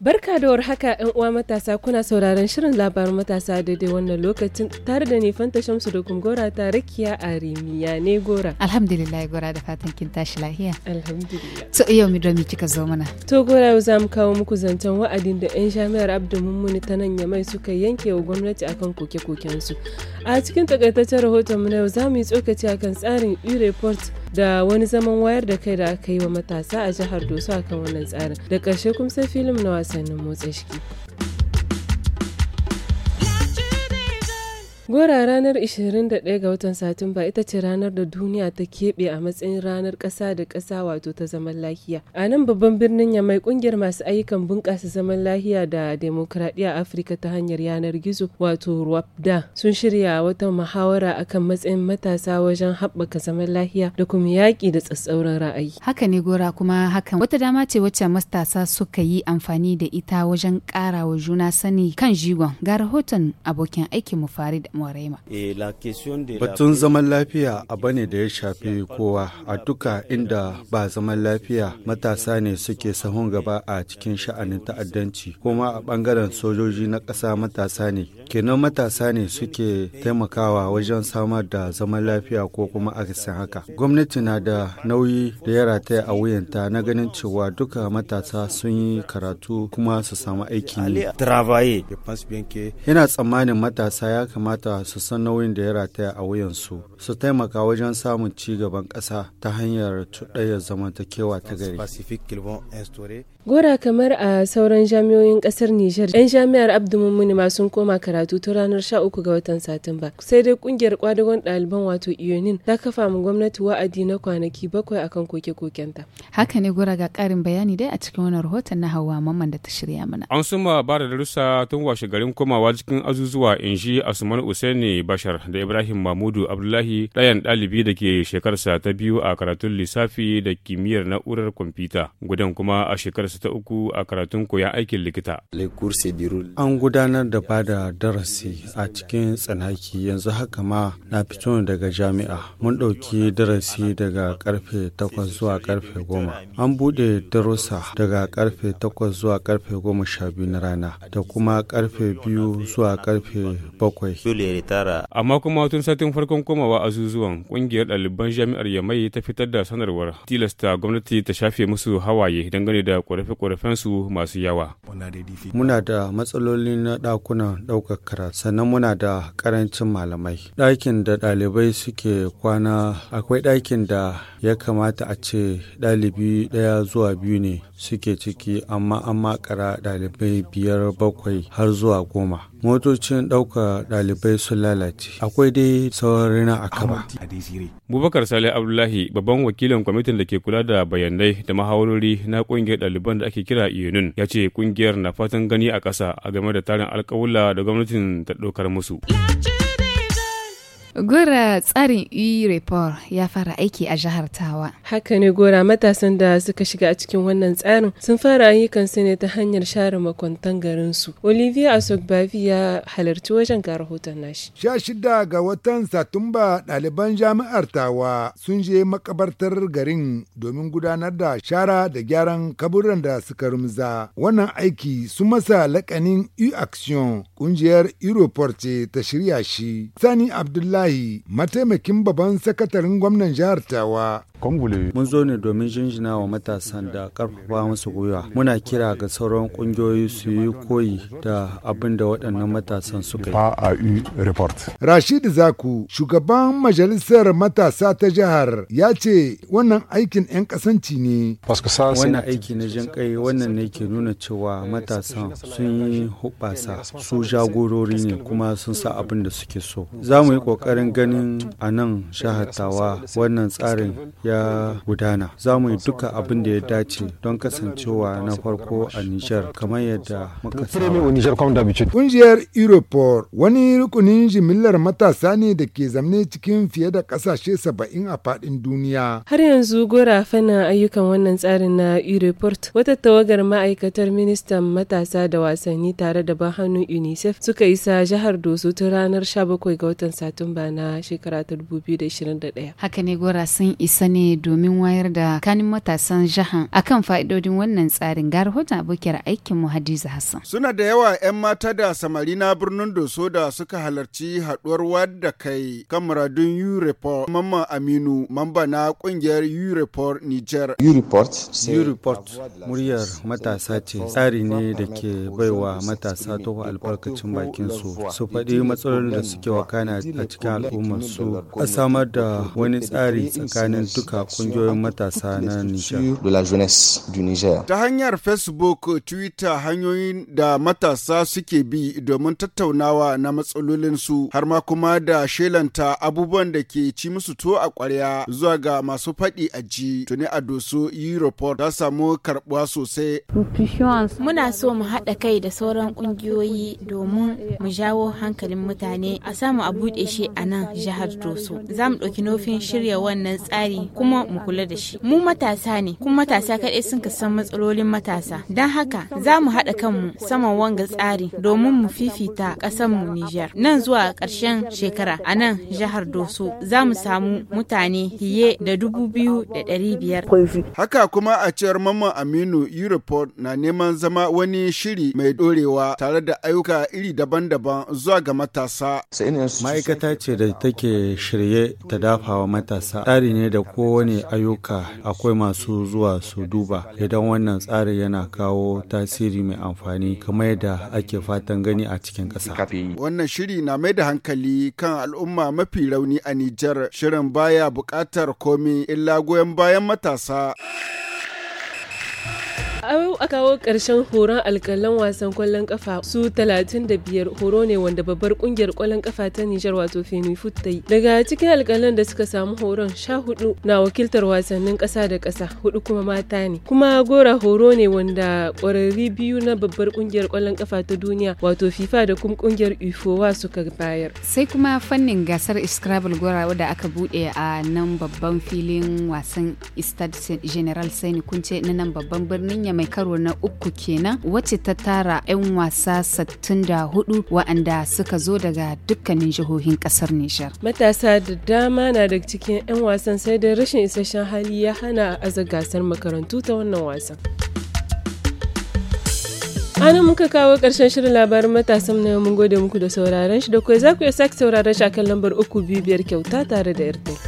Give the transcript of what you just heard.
Barka da haka ‘yan uwa matasa kuna sauraron shirin labarin matasa daidai wannan lokacin tare da ni Fanta Shamsu da Gora ta Rakiya a Rimiya ne Gora. Alhamdulillah Gora da fatan kin tashi lahiya. Alhamdulillah. To yau mi kika zo mana. To Gora yau za mu kawo muku zancen wa'adin da ‘yan jami'ar Abdul Mummuni ta nan Yamai suka yanke wa gwamnati akan koke-kokensu. A cikin takaitaccen rahoton mu na yau za mu yi tsokaci akan tsarin e-report da wani zaman wayar da kai da aka yi wa matasa a jihar Doso akan wannan tsarin. Da ƙarshe kuma sai filim na wasannin motsa jiki. Gora ranar 21 ga watan Satumba ita ce ranar da duniya ta keɓe a matsayin ranar ƙasa da ƙasa wato ta zaman lahiya. A nan babban birnin ya mai ƙungiyar masu ayyukan bunƙasa zaman lahiya da demokradiyya Afirka ta hanyar yanar gizo wato RWAPDA sun shirya wata muhawara akan matsayin matasa wajen haɓaka zaman lahiya da kuma yaƙi da tsatsauran ra'ayi. Haka ne Gora kuma hakan wata dama ce wacce matasa suka yi amfani da ita wajen ƙara wa juna sani kan jigon ga rahoton abokin aikinmu Farid Eh, Batun zaman lafiya abu ne da ya shafi kowa a duka inda ba zaman lafiya matasa ne suke sahun gaba a cikin sha'anin ta'addanci kuma a bangaren sojoji na ƙasa matasa ne. Kenan matasa ne suke taimakawa wajen samar da zaman lafiya ko kuma a a haka. Gwamnati na da nauyi da ya rataya a wuyanta na ganin cewa duka matasa sun yi karatu kuma su samu aiki ne. Yana tsammanin matasa ya kamata kamata su san nauyin da ya rataya a wuyansu su taimaka wajen samun ci gaban ƙasa ta hanyar cuɗayar zamantakewa ta gari. Gora kamar a sauran jami'oyin ƙasar Nijar, 'yan jami'ar abdulmumin ma sun koma karatu ta ranar 13 ga watan Satumba. Sai dai ƙungiyar kwadagon ɗaliban wato Iyonin ta kafa mu gwamnati wa'adi na kwanaki bakwai akan koke-kokenta. Haka ne gora ga ƙarin bayani dai a cikin wannan rahoton na Hauwa Mamman da ta shirya mana. An suma ba da darussa tun washe garin komawa cikin azuzuwa inji ji Asuman Hussaini Bashar da Ibrahim Mahmudu Abdullahi ɗayan ɗalibi da ke shekarsa ta biyu a karatun lissafi da kimiyyar na'urar kwamfuta. Gudan kuma a shekarsa ta uku a karatun koyan aikin likita. An gudanar da bada darasi a cikin tsanaki yanzu haka ma na fito daga jami'a. Mun ɗauki darasi daga karfe takwas zuwa karfe goma. An buɗe darussa daga karfe takwas zuwa karfe goma sha biyu na rana da kuma karfe biyu zuwa karfe bakwai. ritara. Amma kuma tun satin farkon komawa azuzuwan kungiyar ɗaliban jami'ar Yamai ta fitar da sanarwar tilasta gwamnati ta shafe musu hawaye dangane da ƙorafe su masu yawa. Muna da matsaloli na ɗakunan ɗaukar karatu sannan muna da ƙarancin malamai. Ɗakin da ɗalibai suke kwana akwai ɗakin da ya kamata a ce ɗalibi ɗaya zuwa biyu ne suke ciki amma an makara ɗalibai biyar bakwai har zuwa goma. Motocin ɗaukar ɗalibai dubbai sun lalace akwai dai sauran rina a kaba bubakar sale abdullahi babban wakilin kwamitin da ke kula da bayanai da mahawarori na kungiyar ɗaliban da ake kira yunun ya ce kungiyar na fatan gani a ƙasa a game da tarin alƙawula da gwamnatin ta ɗaukar musu. Gora tsarin e-report ya fara aiki a jihar Tawa. Haka ne gora matasan da suka shiga a cikin wannan tsarin sun fara su ne ta hanyar share makwantan garinsu. Olivia Asogbavi ya halarci wajen ga rahoton nashi. Sha shida ga watan Satumba ɗaliban jami'ar Tawa sun je makabartar garin domin gudanar da shara da gyaran kaburan da suka rumza. Wannan aiki sun masa lakanin e-action ƙungiyar Europort ce ta shirya shi. Sani Abdullahi Abdullahi mataimakin babban sakataren gwamnan jihar Tawa Mun zo ne domin jinjina wa matasan da karfafa musu gwiwa. Muna kira ga sauran kungiyoyi su yi koyi da abin da waɗannan matasan suka yi. Rashid Zaku, shugaban majalisar matasa ta jihar, ya ce wannan aikin 'yan kasanci ne. Wannan aiki na jin kai wannan ne ke nuna cewa matasan sun yi hubasa su jagorori ne kuma sun sa abin da suke so. Za mu yi ƙoƙarin ganin a nan shahatawa wannan tsarin ya gudana za mu yi duka abin da ya dace don kasancewa na farko a nijar kamar yadda muka kungiyar Europol wani rukunin jimillar matasa ne da ke zamne cikin fiye da kasashe saba'in a fadin duniya. Har yanzu gora fana ayyukan wannan tsarin na europol wata tawagar ma'aikatar ministan matasa da wasanni tare da ban hannun UNICEF suka isa jihar Doso ta ranar 17 ga watan Satumba na shekara 2021. Haka ne gora sun isa ne ne domin wayar da kanin matasan jihar akan fa'idodin wannan tsarin ga rahoton abokiyar aikinmu Hadiza Hassan. Suna da yawa 'yan mata da samari na birnin Doso da suka halarci haɗuwar wadda kai kan muradun U-Report Mamman Aminu mamba na ƙungiyar U-Report Niger. U-Report muryar matasa ce tsari ne da ke baiwa matasa tofa albarkacin bakin su su faɗi matsalolin da suke wakana a cikin al'ummar su a samar da wani tsari tsakanin duk ka kungiyoyin matasa na Nijar. Ta hanyar Facebook, Twitter hanyoyin da matasa suke bi domin tattaunawa na matsalolinsu har ma kuma da shelanta abubuwan da ke ci musu to a kwarya zuwa ga masu faɗi a ji tuni a doso e-report ta samu karbuwa sosai. Muna so mu haɗa kai da sauran ƙungiyoyi domin mu jawo hankalin mutane a samu a buɗe shi a nan jihar Doso. Za mu ɗauki nufin shirya wannan tsari kuma mu kula da shi mu matasa ne kuma matasa kaɗai sun ka san matsalolin matasa don haka za mu haɗa kanmu saman wanga tsari domin mu fifita mu Nijar nan zuwa ƙarshen shekara a nan jihar Doso za mu samu mutane fiye da dubu biyu da ɗari biyar. Haka kuma a cewar Mamman Aminu Europort na neman zama wani shiri mai ɗorewa tare da ayyuka iri daban-daban zuwa ga matasa. Ma'aikata ce da take shirye ta dafawa matasa tsari ne da ko kowane ayyuka akwai masu zuwa su duba idan wannan tsarin yana kawo tasiri mai amfani kamar yadda ake fatan gani a cikin ƙasa. Wannan shiri na mai da hankali kan al'umma mafi rauni a Nijar shirin baya bukatar komi illa goyon bayan matasa. a kawo ƙarshen horon alkalan wasan kwallon kafa su 35 horo ne wanda babbar kungiyar kwallon kafa ta Nijar wato Fenifut ta Daga cikin alkalan da suka samu horon sha hudu na wakiltar wasannin ƙasa da ƙasa hudu kuma mata ne. Kuma gora horo ne wanda ƙwararri biyu na babbar kungiyar kwallon kafa ta duniya wato FIFA da kuma ƙungiyar UFOWA suka bayar. Sai kuma fannin gasar Scrabble gora da aka buɗe a nan babban filin wasan Stade General Sani kunce na nan babban birnin Yamma mai karo na uku kenan wacce ta tara 'yan wasa 64 wa'anda suka zo daga dukkanin jihohin kasar Nijar. Matasa da dama na da cikin 'yan wasan sai da rashin isasshen hali ya hana aza gasar makarantu ta wannan wasan. anan muka kawo ƙarshen shirin labarin matasan na mun gode muku da sauraron shi da kuwa za ku iya sake sauraron shi a kan lambar uku biyu biyar kyauta tare da irtin.